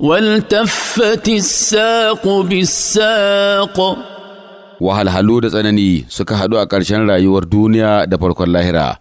Waltafati الساق بالساق wahalhalu da tsanani suka haɗu a ƙarshen rayuwar duniya da farkon lahira